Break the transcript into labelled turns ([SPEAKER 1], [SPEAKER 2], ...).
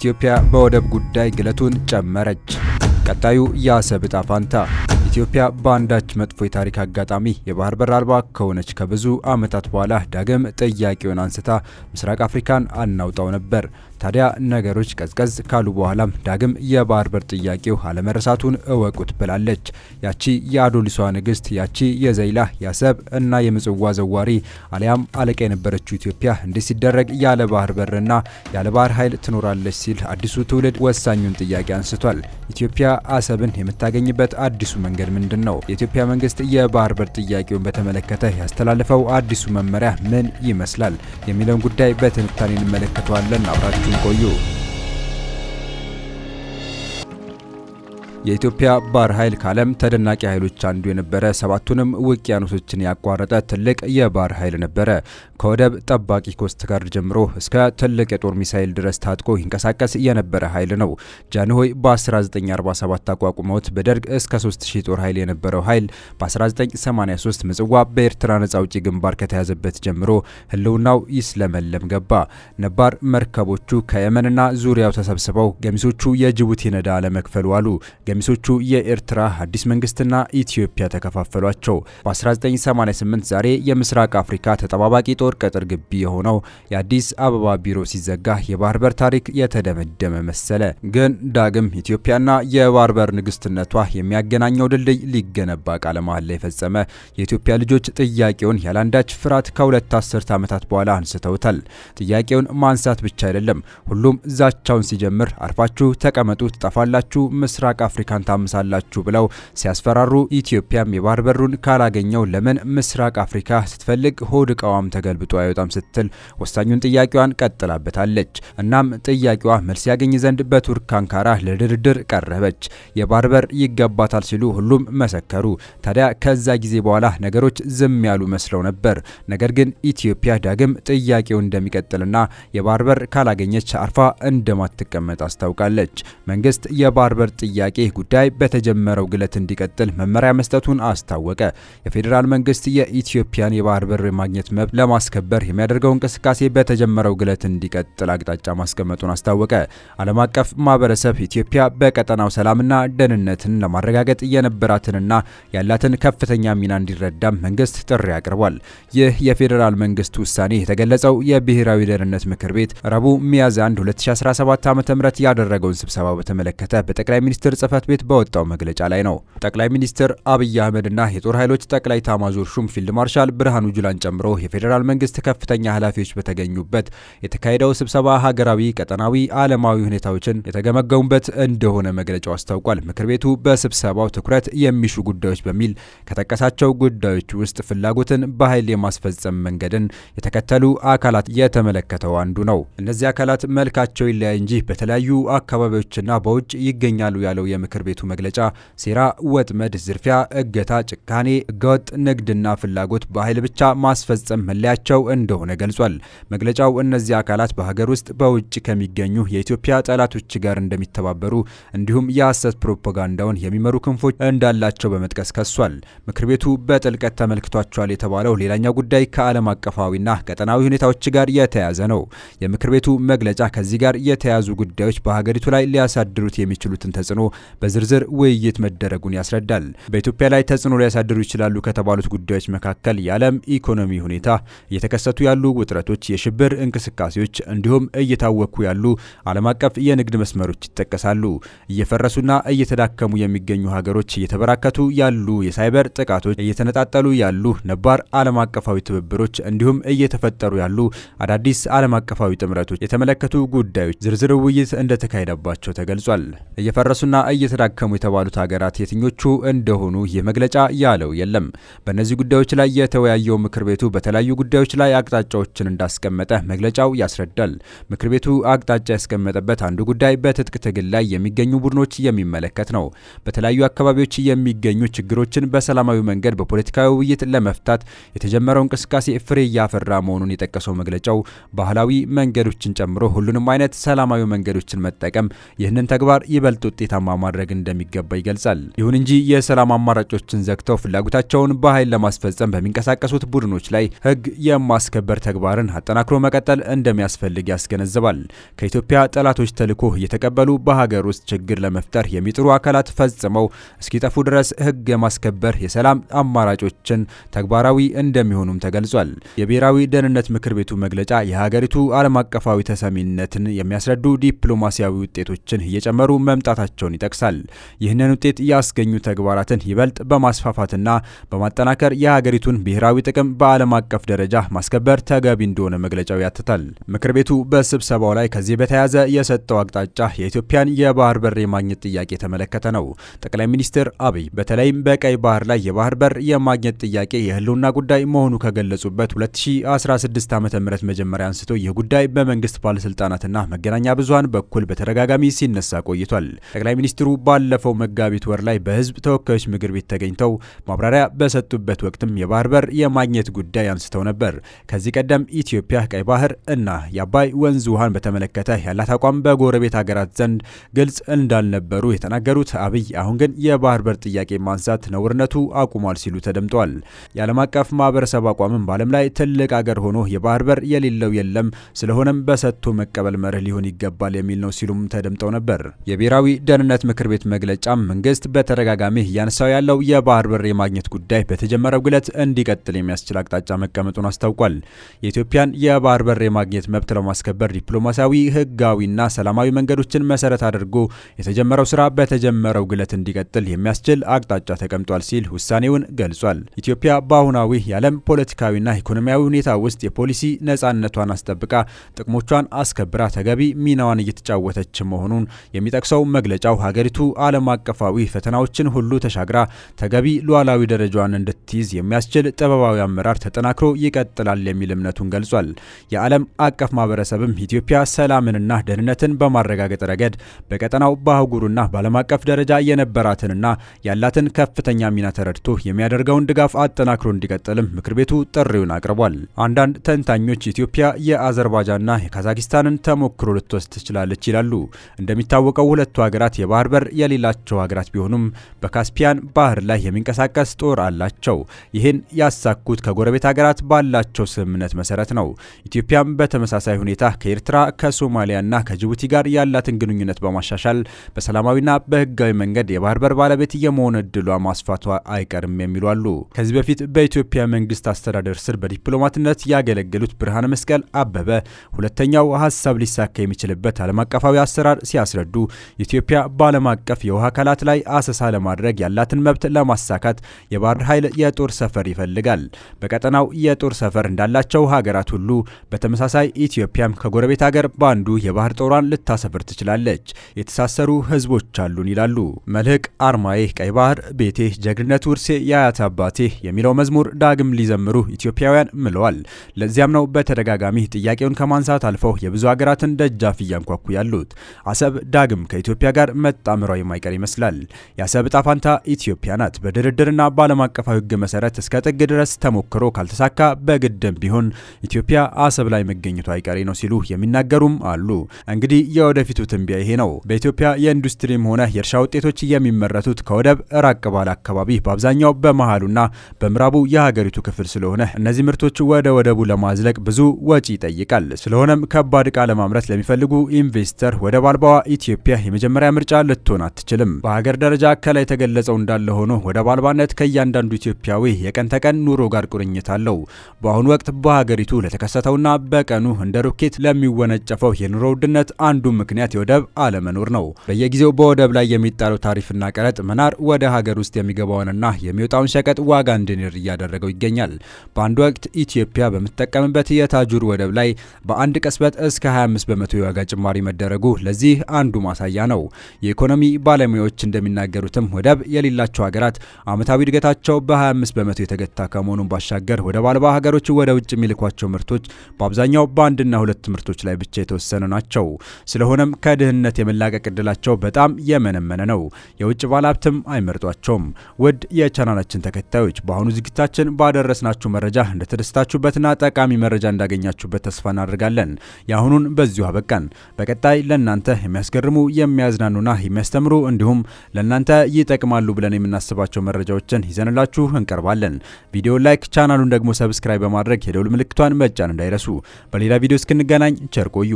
[SPEAKER 1] ኢትዮጵያ በወደብ ጉዳይ ግለቱን ጨመረች። ቀጣዩ የአሰብ ፋንታ ኢትዮጵያ በአንዳች መጥፎ የታሪክ አጋጣሚ የባህር በር አልባ ከሆነች ከብዙ ዓመታት በኋላ ዳግም ጥያቄውን አንስታ ምስራቅ አፍሪካን አናውጣው ነበር። ታዲያ ነገሮች ቀዝቀዝ ካሉ በኋላም ዳግም የባህር በር ጥያቄው አለመረሳቱን እወቁት ብላለች። ያቺ የአዶሊሷ ንግስት፣ ያቺ የዘይላ የአሰብ እና የምጽዋ ዘዋሪ አሊያም አለቃ የነበረችው ኢትዮጵያ እንዲህ ሲደረግ ያለ ባህር በርና ያለ ባህር ኃይል ትኖራለች ሲል አዲሱ ትውልድ ወሳኙን ጥያቄ አንስቷል። ኢትዮጵያ አሰብን የምታገኝበት አዲሱ መንገድ መንገድ ምንድን ነው? የኢትዮጵያ መንግስት የባህር በር ጥያቄውን በተመለከተ ያስተላለፈው አዲሱ መመሪያ ምን ይመስላል የሚለውን ጉዳይ በትንታኔ እንመለከተዋለን። አብራችሁን ቆዩ። የኢትዮጵያ ባህር ኃይል ከዓለም ተደናቂ ኃይሎች አንዱ የነበረ ሰባቱንም ውቅያኖሶችን ያቋረጠ ትልቅ የባህር ኃይል ነበረ። ከወደብ ጠባቂ ኮስት ጋርድ ጀምሮ እስከ ትልቅ የጦር ሚሳይል ድረስ ታጥቆ ይንቀሳቀስ የነበረ ኃይል ነው። ጃንሆይ በ1947 አቋቁመውት በደርግ እስከ 3000 ጦር ኃይል የነበረው ኃይል በ1983 ምጽዋ በኤርትራ ነጻ አውጪ ግንባር ከተያዘበት ጀምሮ ህልውናው ይስለመለም ገባ። ነባር መርከቦቹ ከየመንና ዙሪያው ተሰብስበው ገሚሶቹ የጅቡቲ ነዳ ለመክፈል ዋሉ። ገሚሶቹ የኤርትራ አዲስ መንግስትና ኢትዮጵያ ተከፋፈሏቸው። በ1988 ዛሬ የምስራቅ አፍሪካ ተጠባባቂ ጦር ቅጥር ግቢ የሆነው የአዲስ አበባ ቢሮ ሲዘጋ የባህር በር ታሪክ የተደመደመ መሰለ። ግን ዳግም ኢትዮጵያና የባህር በር ንግስትነቷ የሚያገናኘው ድልድይ ሊገነባ ቃለ መሃላ ፈጸመ። የኢትዮጵያ ልጆች ጥያቄውን ያላንዳች ፍርሃት ከሁለት አስርት ዓመታት በኋላ አንስተውታል። ጥያቄውን ማንሳት ብቻ አይደለም፣ ሁሉም ዛቻውን ሲጀምር አርፋችሁ ተቀመጡ ትጠፋላችሁ ምስራቅ አፍሪካ አፍሪካን ታምሳላችሁ ብለው ሲያስፈራሩ ኢትዮጵያም የባህር በሩን ካላገኘው ለምን ምስራቅ አፍሪካ ስትፈልግ ሆድ እቃዋም ተገልብጦ አይወጣም ስትል ወሳኙን ጥያቄዋን ቀጥላበታለች። እናም ጥያቄዋ መልስ ያገኝ ዘንድ በቱርክ አንካራ ለድርድር ቀረበች። የባህር በር ይገባታል ሲሉ ሁሉም መሰከሩ። ታዲያ ከዛ ጊዜ በኋላ ነገሮች ዝም ያሉ መስለው ነበር። ነገር ግን ኢትዮጵያ ዳግም ጥያቄውን እንደሚቀጥልና የባህር በር ካላገኘች አርፋ እንደማትቀመጥ አስታውቃለች። መንግስት የባህር በር ጥያቄ ይህ ጉዳይ በተጀመረው ግለት እንዲቀጥል መመሪያ መስጠቱን አስታወቀ። የፌዴራል መንግስት የኢትዮጵያን የባህር በር የማግኘት መብት ለማስከበር የሚያደርገው እንቅስቃሴ በተጀመረው ግለት እንዲቀጥል አቅጣጫ ማስቀመጡን አስታወቀ። ዓለም አቀፍ ማህበረሰብ ኢትዮጵያ በቀጠናው ሰላምና ደህንነትን ለማረጋገጥ የነበራትንና ያላትን ከፍተኛ ሚና እንዲረዳም መንግስት ጥሪ አቅርቧል። ይህ የፌዴራል መንግስት ውሳኔ የተገለጸው የብሔራዊ ደህንነት ምክር ቤት ረቡዕ ሚያዝያ 1 2017 ዓ.ም ያደረገውን ስብሰባ በተመለከተ በጠቅላይ ሚኒስትር ጽፈ ጽህፈት ቤት በወጣው መግለጫ ላይ ነው። ጠቅላይ ሚኒስትር አብይ አህመድና የጦር ኃይሎች ጠቅላይ ታማዦር ሹም ፊልድ ማርሻል ብርሃኑ ጁላን ጨምሮ የፌዴራል መንግስት ከፍተኛ ኃላፊዎች በተገኙበት የተካሄደው ስብሰባ ሀገራዊ፣ ቀጠናዊ፣ ዓለማዊ ሁኔታዎችን የተገመገሙበት እንደሆነ መግለጫው አስታውቋል። ምክር ቤቱ በስብሰባው ትኩረት የሚሹ ጉዳዮች በሚል ከጠቀሳቸው ጉዳዮች ውስጥ ፍላጎትን በኃይል የማስፈጸም መንገድን የተከተሉ አካላት የተመለከተው አንዱ ነው። እነዚህ አካላት መልካቸው ይለያይ እንጂ በተለያዩ አካባቢዎችና በውጭ ይገኛሉ ያለው ምክር ቤቱ መግለጫ ሴራ፣ ወጥመድ፣ ዝርፊያ፣ እገታ፣ ጭካኔ፣ ህገወጥ ንግድና ፍላጎት በኃይል ብቻ ማስፈጸም መለያቸው እንደሆነ ገልጿል። መግለጫው እነዚህ አካላት በሀገር ውስጥ በውጭ ከሚገኙ የኢትዮጵያ ጠላቶች ጋር እንደሚተባበሩ እንዲሁም የሐሰት ፕሮፓጋንዳውን የሚመሩ ክንፎች እንዳላቸው በመጥቀስ ከሷል። ምክር ቤቱ በጥልቀት ተመልክቷቸዋል የተባለው ሌላኛው ጉዳይ ከዓለም አቀፋዊና ቀጠናዊ ሁኔታዎች ጋር የተያዘ ነው። የምክር ቤቱ መግለጫ ከዚህ ጋር የተያዙ ጉዳዮች በሀገሪቱ ላይ ሊያሳድሩት የሚችሉትን ተጽዕኖ በዝርዝር ውይይት መደረጉን ያስረዳል። በኢትዮጵያ ላይ ተጽዕኖ ሊያሳድሩ ይችላሉ ከተባሉት ጉዳዮች መካከል የዓለም ኢኮኖሚ ሁኔታ፣ እየተከሰቱ ያሉ ውጥረቶች፣ የሽብር እንቅስቃሴዎች እንዲሁም እየታወኩ ያሉ ዓለም አቀፍ የንግድ መስመሮች ይጠቀሳሉ። እየፈረሱና እየተዳከሙ የሚገኙ ሀገሮች፣ እየተበራከቱ ያሉ የሳይበር ጥቃቶች፣ እየተነጣጠሉ ያሉ ነባር ዓለም አቀፋዊ ትብብሮች እንዲሁም እየተፈጠሩ ያሉ አዳዲስ ዓለም አቀፋዊ ጥምረቶች የተመለከቱ ጉዳዮች ዝርዝር ውይይት እንደተካሄደባቸው ተገልጿል። እየፈረሱና የተዳከሙ የተባሉት ሀገራት የትኞቹ እንደሆኑ ይህ መግለጫ ያለው የለም። በእነዚህ ጉዳዮች ላይ የተወያየው ምክር ቤቱ በተለያዩ ጉዳዮች ላይ አቅጣጫዎችን እንዳስቀመጠ መግለጫው ያስረዳል። ምክር ቤቱ አቅጣጫ ያስቀመጠበት አንዱ ጉዳይ በትጥቅ ትግል ላይ የሚገኙ ቡድኖች የሚመለከት ነው። በተለያዩ አካባቢዎች የሚገኙ ችግሮችን በሰላማዊ መንገድ በፖለቲካዊ ውይይት ለመፍታት የተጀመረው እንቅስቃሴ ፍሬ እያፈራ መሆኑን የጠቀሰው መግለጫው ባህላዊ መንገዶችን ጨምሮ ሁሉንም አይነት ሰላማዊ መንገዶችን መጠቀም ይህንን ተግባር ይበልጥ ውጤታማ ማድረግ ማድረግ እንደሚገባ ይገልጻል። ይሁን እንጂ የሰላም አማራጮችን ዘግተው ፍላጎታቸውን በኃይል ለማስፈጸም በሚንቀሳቀሱት ቡድኖች ላይ ህግ የማስከበር ተግባርን አጠናክሮ መቀጠል እንደሚያስፈልግ ያስገነዝባል። ከኢትዮጵያ ጠላቶች ተልዕኮ እየተቀበሉ በሀገር ውስጥ ችግር ለመፍጠር የሚጥሩ አካላት ፈጽመው እስኪጠፉ ድረስ ህግ የማስከበር የሰላም አማራጮችን ተግባራዊ እንደሚሆኑም ተገልጿል። የብሔራዊ ደህንነት ምክር ቤቱ መግለጫ የሀገሪቱ ዓለም አቀፋዊ ተሰሚነትን የሚያስረዱ ዲፕሎማሲያዊ ውጤቶችን እየጨመሩ መምጣታቸውን ይጠቅሳል። ይገኛል። ይህንን ውጤት ያስገኙ ተግባራትን ይበልጥ በማስፋፋትና በማጠናከር የሀገሪቱን ብሔራዊ ጥቅም በዓለም አቀፍ ደረጃ ማስከበር ተገቢ እንደሆነ መግለጫው ያትታል። ምክር ቤቱ በስብሰባው ላይ ከዚህ በተያያዘ የሰጠው አቅጣጫ የኢትዮጵያን የባህር በር የማግኘት ጥያቄ የተመለከተ ነው። ጠቅላይ ሚኒስትር አብይ በተለይም በቀይ ባህር ላይ የባህር በር የማግኘት ጥያቄ የህልውና ጉዳይ መሆኑ ከገለጹበት 2016 ዓ ም መጀመሪያ አንስቶ ይህ ጉዳይ በመንግስት ባለስልጣናትና መገናኛ ብዙሀን በኩል በተደጋጋሚ ሲነሳ ቆይቷል። ጠቅላይ ሚኒስትሩ ባለፈው መጋቢት ወር ላይ በህዝብ ተወካዮች ምክር ቤት ተገኝተው ማብራሪያ በሰጡበት ወቅትም የባህር በር የማግኘት ጉዳይ አንስተው ነበር። ከዚህ ቀደም ኢትዮጵያ ቀይ ባህር እና የአባይ ወንዝ ውሃን በተመለከተ ያላት አቋም በጎረቤት ሀገራት ዘንድ ግልጽ እንዳልነበሩ የተናገሩት አብይ አሁን ግን የባህር በር ጥያቄ ማንሳት ነውርነቱ አቁሟል ሲሉ ተደምጧል። የዓለም አቀፍ ማህበረሰብ አቋምም በዓለም ላይ ትልቅ አገር ሆኖ የባህር በር የሌለው የለም፣ ስለሆነም በሰጥቶ መቀበል መርህ ሊሆን ይገባል የሚል ነው ሲሉም ተደምጠው ነበር። የብሔራዊ ደህንነት ምክር ምክር ቤት መግለጫ መንግስት በተደጋጋሚ እያነሳው ያለው የባህር በር የማግኘት ጉዳይ በተጀመረው ግለት እንዲቀጥል የሚያስችል አቅጣጫ መቀመጡን አስታውቋል። የኢትዮጵያን የባህር በር የማግኘት መብት ለማስከበር ዲፕሎማሲያዊ፣ ህጋዊና ሰላማዊ መንገዶችን መሰረት አድርጎ የተጀመረው ስራ በተጀመረው ግለት እንዲቀጥል የሚያስችል አቅጣጫ ተቀምጧል ሲል ውሳኔውን ገልጿል። ኢትዮጵያ በአሁናዊ የዓለም ፖለቲካዊና ኢኮኖሚያዊ ሁኔታ ውስጥ የፖሊሲ ነጻነቷን አስጠብቃ ጥቅሞቿን አስከብራ ተገቢ ሚናዋን እየተጫወተች መሆኑን የሚጠቅሰው መግለጫው ሀገሪቱ ሀገሪቱ ዓለም አቀፋዊ ፈተናዎችን ሁሉ ተሻግራ ተገቢ ሉዓላዊ ደረጃዋን እንድትይዝ የሚያስችል ጥበባዊ አመራር ተጠናክሮ ይቀጥላል የሚል እምነቱን ገልጿል። የዓለም አቀፍ ማህበረሰብም ኢትዮጵያ ሰላምንና ደህንነትን በማረጋገጥ ረገድ በቀጠናው በአህጉሩና በዓለም አቀፍ ደረጃ የነበራትንና ያላትን ከፍተኛ ሚና ተረድቶ የሚያደርገውን ድጋፍ አጠናክሮ እንዲቀጥልም ምክር ቤቱ ጥሪውን አቅርቧል። አንዳንድ ተንታኞች ኢትዮጵያ የአዘርባጃንና የካዛኪስታንን ተሞክሮ ልትወስድ ትችላለች ይላሉ። እንደሚታወቀው ሁለቱ ሀገራት የባህር በር ድንበር የሌላቸው ሀገራት ቢሆኑም በካስፒያን ባህር ላይ የሚንቀሳቀስ ጦር አላቸው። ይህን ያሳኩት ከጎረቤት ሀገራት ባላቸው ስምምነት መሰረት ነው። ኢትዮጵያም በተመሳሳይ ሁኔታ ከኤርትራ ከሶማሊያና ከጅቡቲ ጋር ያላትን ግንኙነት በማሻሻል በሰላማዊና በህጋዊ መንገድ የባህር በር ባለቤት የመሆን እድሏ ማስፋቷ አይቀርም የሚሉ አሉ። ከዚህ በፊት በኢትዮጵያ መንግስት አስተዳደር ስር በዲፕሎማትነት ያገለገሉት ብርሃነ መስቀል አበበ ሁለተኛው ሀሳብ ሊሳካ የሚችልበት ዓለም አቀፋዊ አሰራር ሲያስረዱ ኢትዮጵያ በዓለም አቀፍ የውሃ አካላት ላይ አሰሳ ለማድረግ ያላትን መብት ለማሳካት የባህር ኃይል የጦር ሰፈር ይፈልጋል። በቀጠናው የጦር ሰፈር እንዳላቸው ሀገራት ሁሉ በተመሳሳይ ኢትዮጵያም ከጎረቤት ሀገር በአንዱ የባህር ጦሯን ልታሰፍር ትችላለች። የተሳሰሩ ህዝቦች አሉን ይላሉ መልህቅ አርማዬ፣ ቀይ ባህር ቤቴ፣ ጀግንነት ውርሴ፣ የአያት አባቴ የሚለው መዝሙር ዳግም ሊዘምሩ ኢትዮጵያውያን ምለዋል። ለዚያም ነው በተደጋጋሚ ጥያቄውን ከማንሳት አልፈው የብዙ ሀገራትን ደጃፍ እያንኳኩ ያሉት አሰብ ዳግም ከኢትዮጵያ ጋር መጣም ተአምራዊ የማይቀር ይመስላል። የአሰብ ዕጣ ኢትዮጵያ ናት። በድርድርና በዓለም አቀፋዊ ሕግ መሰረት እስከ ጥግ ድረስ ተሞክሮ ካልተሳካ በግድም ቢሆን ኢትዮጵያ አሰብ ላይ መገኘቱ አይቀሬ ነው ሲሉ የሚናገሩም አሉ። እንግዲህ የወደፊቱ ትንቢያ ይሄ ነው። በኢትዮጵያ የኢንዱስትሪም ሆነ የእርሻ ውጤቶች የሚመረቱት ከወደብ ራቅ ባለ አካባቢ በአብዛኛው በመሃሉና በምዕራቡ የሀገሪቱ ክፍል ስለሆነ እነዚህ ምርቶች ወደ ወደቡ ለማዝለቅ ብዙ ወጪ ይጠይቃል። ስለሆነም ከባድ ዕቃ ለማምረት ለሚፈልጉ ኢንቨስተር ወደብ አልባዋ ኢትዮጵያ የመጀመሪያ ምርጫ ልት ልትሆን አትችልም። በሀገር ደረጃ ከላይ የተገለጸው እንዳለ ሆኖ ወደብ አልባነት ከእያንዳንዱ ኢትዮጵያዊ የቀን ተቀን ኑሮ ጋር ቁርኝት አለው። በአሁኑ ወቅት በሀገሪቱ ለተከሰተውና በቀኑ እንደ ሮኬት ለሚወነጨፈው የኑሮ ውድነት አንዱ ምክንያት የወደብ አለመኖር ነው። በየጊዜው በወደብ ላይ የሚጣለው ታሪፍና ቀረጥ መናር ወደ ሀገር ውስጥ የሚገባውንና የሚወጣውን ሸቀጥ ዋጋ እንዲንር እያደረገው ይገኛል። በአንድ ወቅት ኢትዮጵያ በምትጠቀምበት የታጁር ወደብ ላይ በአንድ ቅጽበት እስከ 25 በመቶ የዋጋ ጭማሪ መደረጉ ለዚህ አንዱ ማሳያ ነው። የኢኮኖሚ የኢኮኖሚ ባለሙያዎች እንደሚናገሩትም ወደብ የሌላቸው ሀገራት ዓመታዊ እድገታቸው በ25 በመቶ የተገታ ከመሆኑን ባሻገር ወደብ አልባ ሀገሮች ወደ ውጭ የሚልኳቸው ምርቶች በአብዛኛው በአንድና ሁለት ምርቶች ላይ ብቻ የተወሰኑ ናቸው። ስለሆነም ከድህነት የመላቀቅ እድላቸው በጣም የመነመነ ነው። የውጭ ባለሀብትም አይመርጧቸውም። ውድ የቻናላችን ተከታዮች በአሁኑ ዝግጅታችን ባደረስናችሁ መረጃ እንደተደስታችሁበትና ጠቃሚ መረጃ እንዳገኛችሁበት ተስፋ እናደርጋለን። የአሁኑን በዚሁ አበቃን። በቀጣይ ለእናንተ የሚያስገርሙ የሚያዝናኑና የሚያስተምሩ እንዲሁም ለእናንተ ይጠቅማሉ ብለን የምናስባቸው መረጃዎችን ይዘንላችሁ እንቀርባለን። ቪዲዮ ላይክ፣ ቻናሉን ደግሞ ሰብስክራይብ በማድረግ የደውል ምልክቷን መጫን እንዳይረሱ። በሌላ ቪዲዮ እስክንገናኝ ቸር ቆዩ።